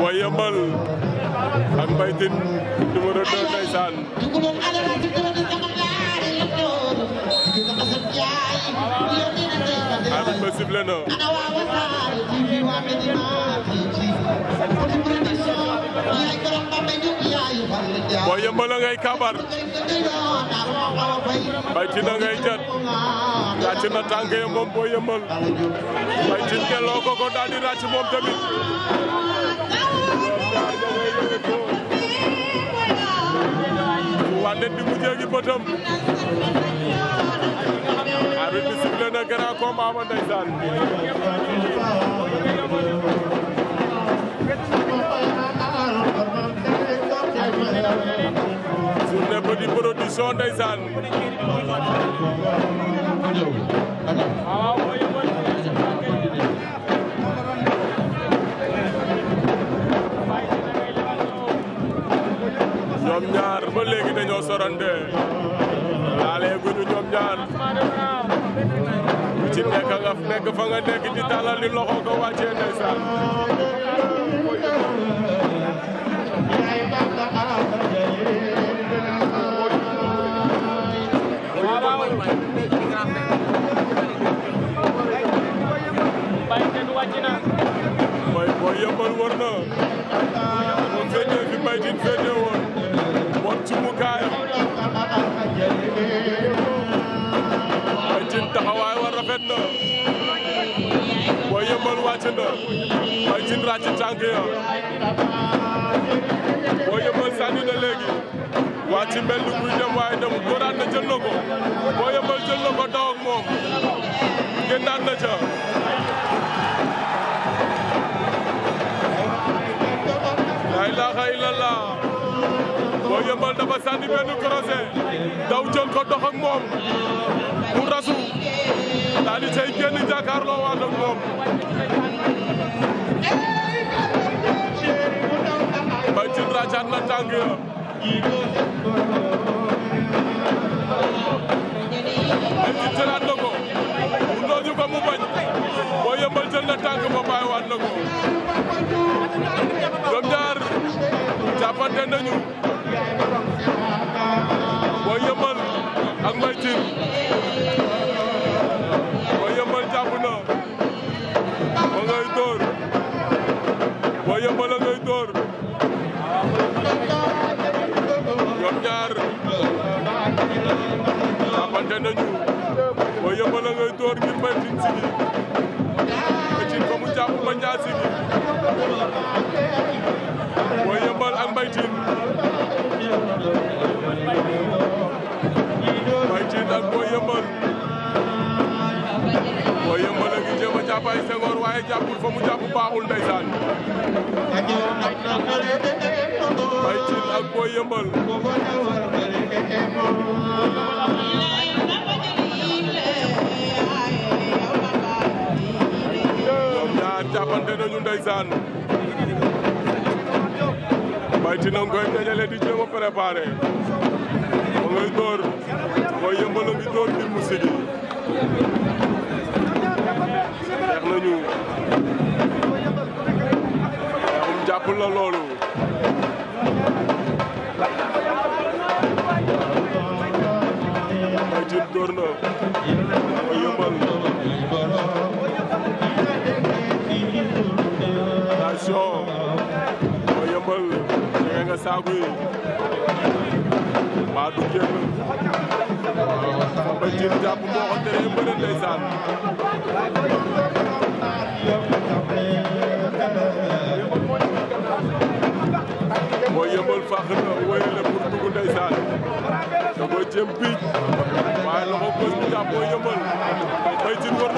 Boy Yeumbeul ak Mbaye Tine numéro 2 ndeysaan arbitre ba sifflé na Boy Yeumbeul ngay kabar Mbaye a ngay jët na tànk ya moom boo yëmbal Mbaye Tine kelloo ko ko daal di ràcc moom tamit wande di mu jéegi bëtam arbitre bi sifflé na grand combat ba ndeysaan di production ndeysaan ñoom ñaar ba léegi dañoo sorante laalee guñu ñoom ñaar ci nekk nga nekk fa nga nekk di tàllal di loxo ko rafet na Boy Yeumbeul wàcc na Boy Djine ràcc tànk ya Boy Yeumbeul sànni na léegi wàcc mel ni buy dem waaye dem dooraat na jël na ko Boy Yeumbeul jël na ko daw ak moom génnaat na ca laa ilaaha illallah Boy Yeumbeul dafa sànni benn croisé daw jël ko dox ak moom mu rasu daal di cay génn jàkkaarloo waat ak moom Mbaye Tine ràccaat na tàng ya Mbaye Tine jëlaat na ko mu nooñu ko mu bañ boo yëmbal jël na tànk ba bàyyiwaat na ko ñoom ñaar jàppante nañu boo yëmbal ak Mbaye Tine ngay door booy yëmbal ngay door ñoom ñaar jàppante nañu booy ngay door ngir may tiñ sigi ba ci fa mu jàpp ba ñaar sigi jàpp ay sengoor waaye jàppul fa mu jàpp baaxul ndeysaan bay cin ak booy yëmbal ñoom ñaar jàppante nañu ndeysaan bay cin a ngoy dajale di jéem a préparé ma ngay dóor booy yëmbal a ngi dóor di musigi xeex nañu xeexum jàpp la loolu Mbaye Tine door na ba yëmbal attention ba yëmbal jege nga saaku yi mbaa du ba jiir jàpp moo ko teree mbëre ndeysaan mooy yëmbal fàq na wéyale pour dugg ndeysaan da koy jëm biij waaye loxo bës bi jàpp mooy yëmbal bay jiir